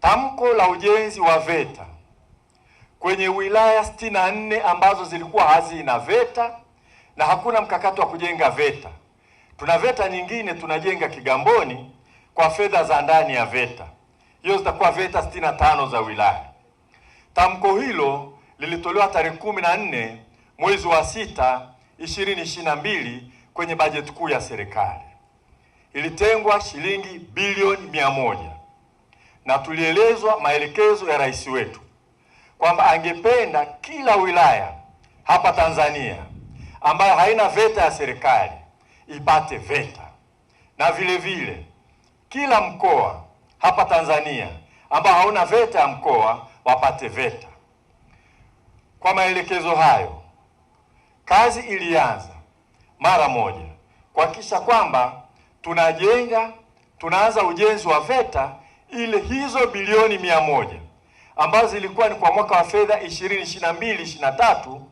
Tamko la ujenzi wa VETA kwenye wilaya sitini na nne ambazo zilikuwa hazina VETA na hakuna mkakati wa kujenga VETA. Tuna VETA nyingine tunajenga Kigamboni kwa fedha za ndani ya VETA, hiyo zitakuwa VETA sitini na tano za wilaya. Tamko hilo lilitolewa tarehe kumi na nne mwezi wa sita ishirini ishirini na mbili kwenye bajeti kuu ya serikali ilitengwa shilingi bilioni mia moja na tulielezwa maelekezo ya rais wetu kwamba angependa kila wilaya hapa Tanzania ambayo haina VETA ya serikali ipate VETA na vile vile kila mkoa hapa Tanzania ambao hauna VETA ya mkoa wapate VETA. Kwa maelekezo hayo, kazi ilianza mara moja kuhakikisha kwamba tunajenga tunaanza ujenzi wa VETA ili hizo bilioni mia moja ambazo zilikuwa ni kwa mwaka wa fedha ishirini ishirini na mbili ishirini na tatu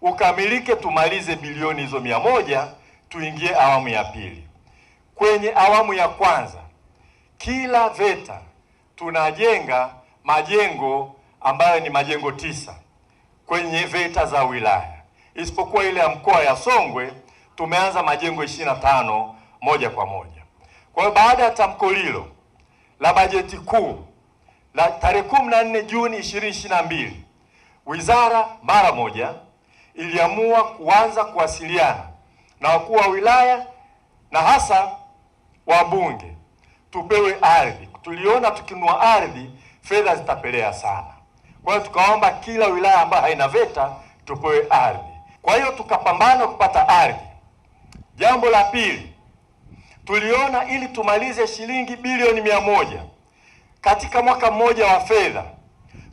ukamilike, tumalize bilioni hizo mia moja tuingie awamu ya pili. Kwenye awamu ya kwanza, kila VETA tunajenga majengo ambayo ni majengo tisa kwenye VETA za wilaya, isipokuwa ile ya mkoa ya Songwe tumeanza majengo ishirini na tano moja kwa moja. Kwa hiyo baada ya tamko lilo la bajeti kuu la tarehe kumi na nne Juni 2022, wizara mara moja iliamua kuanza kuwasiliana na wakuu wa wilaya na hasa wabunge tupewe ardhi. Tuliona tukinua ardhi fedha zitapelea sana, kwa hiyo tukaomba kila wilaya ambayo haina VETA tupewe ardhi. Kwa hiyo tukapambana kupata ardhi. Jambo la pili tuliona ili tumalize shilingi bilioni mia moja katika mwaka mmoja wa fedha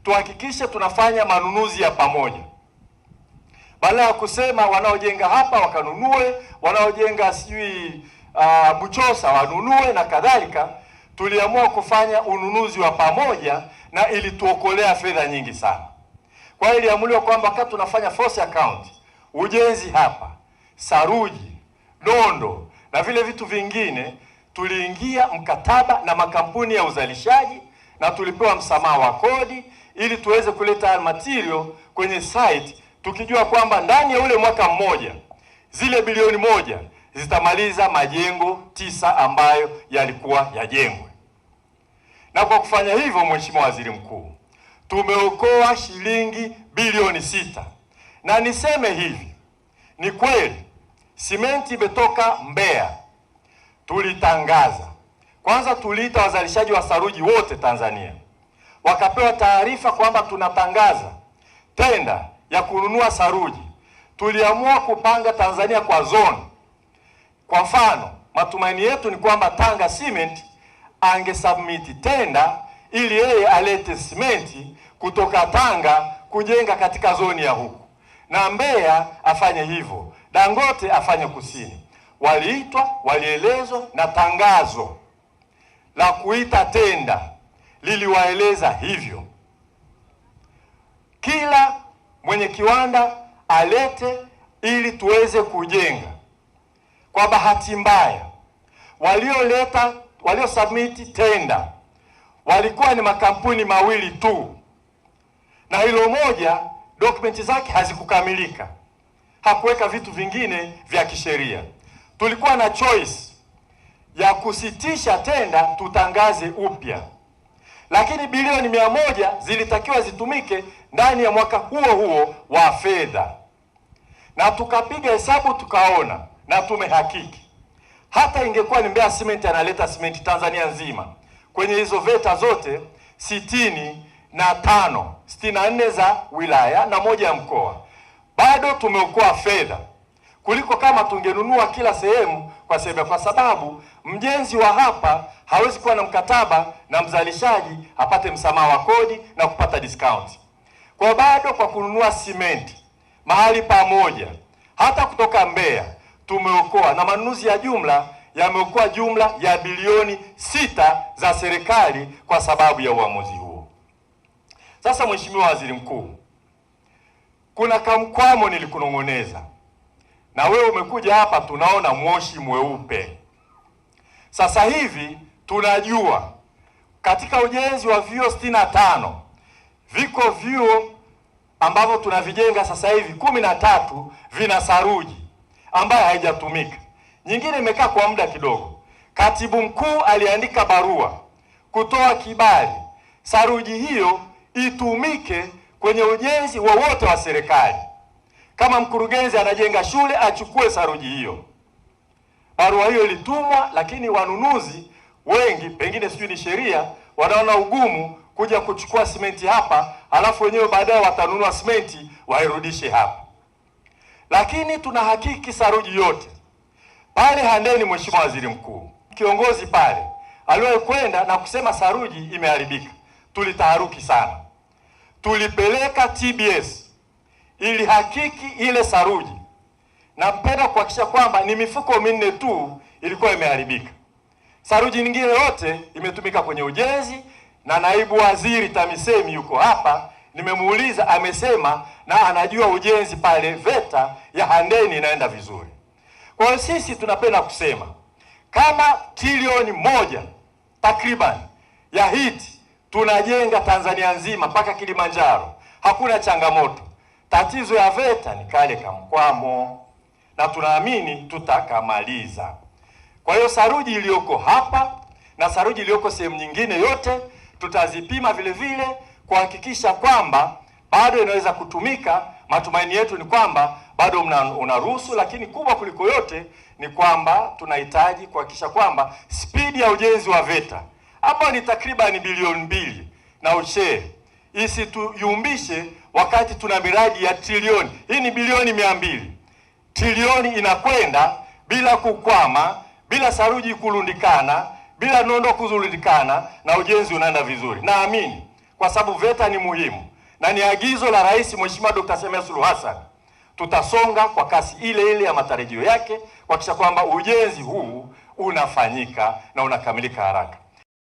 tuhakikishe tunafanya manunuzi ya pamoja, badala ya kusema wanaojenga hapa wakanunue, wanaojenga sijui uh, Buchosa wanunue na kadhalika. Tuliamua kufanya ununuzi wa pamoja na ilituokolea fedha nyingi sana. Kwa hiyo iliamuliwa kwamba wakati tunafanya force account, ujenzi hapa, saruji, nondo na vile vitu vingine, tuliingia mkataba na makampuni ya uzalishaji na tulipewa msamaha wa kodi ili tuweze kuleta material kwenye site, tukijua kwamba ndani ya ule mwaka mmoja zile bilioni moja zitamaliza majengo tisa ambayo yalikuwa yajengwe. Na kwa kufanya hivyo, Mheshimiwa Waziri Mkuu, tumeokoa shilingi bilioni sita. Na niseme hivi, ni kweli Simenti imetoka Mbeya. Tulitangaza kwanza, tuliita wazalishaji wa saruji wote Tanzania, wakapewa taarifa kwamba tunatangaza tenda ya kununua saruji. Tuliamua kupanga Tanzania kwa zoni. Kwa mfano, matumaini yetu ni kwamba Tanga Cement angesubmiti tenda ili yeye alete simenti kutoka Tanga kujenga katika zoni ya huku na Mbeya afanye hivyo Dangote afanye kusini. Waliitwa, walielezwa na tangazo la kuita tenda liliwaeleza hivyo, kila mwenye kiwanda alete ili tuweze kujenga. Kwa bahati mbaya, walioleta waliosubmiti tenda walikuwa ni makampuni mawili tu, na hilo moja dokumenti zake hazikukamilika hakuweka vitu vingine vya kisheria. Tulikuwa na choice ya kusitisha tenda, tutangaze upya, lakini bilioni mia moja zilitakiwa zitumike ndani ya mwaka huo huo wa fedha, na tukapiga hesabu tukaona na tumehakiki hata ingekuwa ni Mbeya Cement analeta simenti Tanzania nzima kwenye hizo VETA zote sitini na tano, sitini na nne za wilaya na moja ya mkoa bado tumeokoa fedha kuliko kama tungenunua kila sehemu kwa sehemu, kwa sababu mjenzi wa hapa hawezi kuwa na mkataba na mzalishaji apate msamaha wa kodi na kupata discount. Kwa bado kwa kununua simenti mahali pamoja hata kutoka Mbeya tumeokoa, na manunuzi ya jumla yameokoa jumla ya bilioni sita za serikali kwa sababu ya uamuzi huo. Sasa Mheshimiwa Waziri Mkuu, kuna kamkwamo nilikunong'oneza, na wewe umekuja hapa, tunaona moshi mweupe. Sasa hivi tunajua katika ujenzi wa vyuo sitini na tano viko vyuo ambavyo tunavijenga sasa hivi kumi na tatu vina saruji ambayo haijatumika, nyingine imekaa kwa muda kidogo. Katibu mkuu aliandika barua kutoa kibali saruji hiyo itumike kwenye ujenzi wowote wa, wa serikali. Kama mkurugenzi anajenga shule achukue saruji hiyo. Barua hiyo ilitumwa, lakini wanunuzi wengi, pengine sijui ni sheria, wanaona ugumu kuja kuchukua simenti hapa, alafu wenyewe baadaye watanunua simenti wairudishe hapa. Lakini tunahakiki saruji yote pale Handeni. Mheshimiwa Waziri Mkuu, kiongozi pale aliwahi kwenda na kusema saruji imeharibika, tulitaharuki sana tulipeleka TBS ili hakiki ile saruji, na mpenda kuhakikisha kwamba ni mifuko minne tu ilikuwa imeharibika. Saruji nyingine yote imetumika kwenye ujenzi, na naibu waziri TAMISEMI yuko hapa, nimemuuliza amesema na anajua ujenzi pale VETA ya Handeni inaenda vizuri. Kwa hiyo sisi tunapenda kusema kama trilioni moja takriban ya hiti tunajenga Tanzania nzima mpaka Kilimanjaro, hakuna changamoto. Tatizo ya VETA ni kale kamkwamo, na tunaamini tutakamaliza. Kwa hiyo saruji iliyoko hapa na saruji iliyoko sehemu nyingine yote tutazipima vile vile kuhakikisha kwamba bado inaweza kutumika. Matumaini yetu ni kwamba bado unaruhusu, lakini kubwa kuliko yote ni kwamba tunahitaji kuhakikisha kwamba spidi ya ujenzi wa VETA hapa ni takriban bilioni mbili na ushee, isituyumbishe wakati tuna miradi ya trilioni. Hii ni bilioni mia mbili, trilioni inakwenda bila kukwama, bila saruji kulundikana, bila nondo kulundikana, na ujenzi unaenda vizuri, naamini kwa sababu VETA ni muhimu na ni agizo la Rais Mheshimiwa Dr. Samia Suluhu Hassan. Tutasonga kwa kasi ile ile ya matarajio yake kuhakikisha kwamba ujenzi huu unafanyika na unakamilika haraka.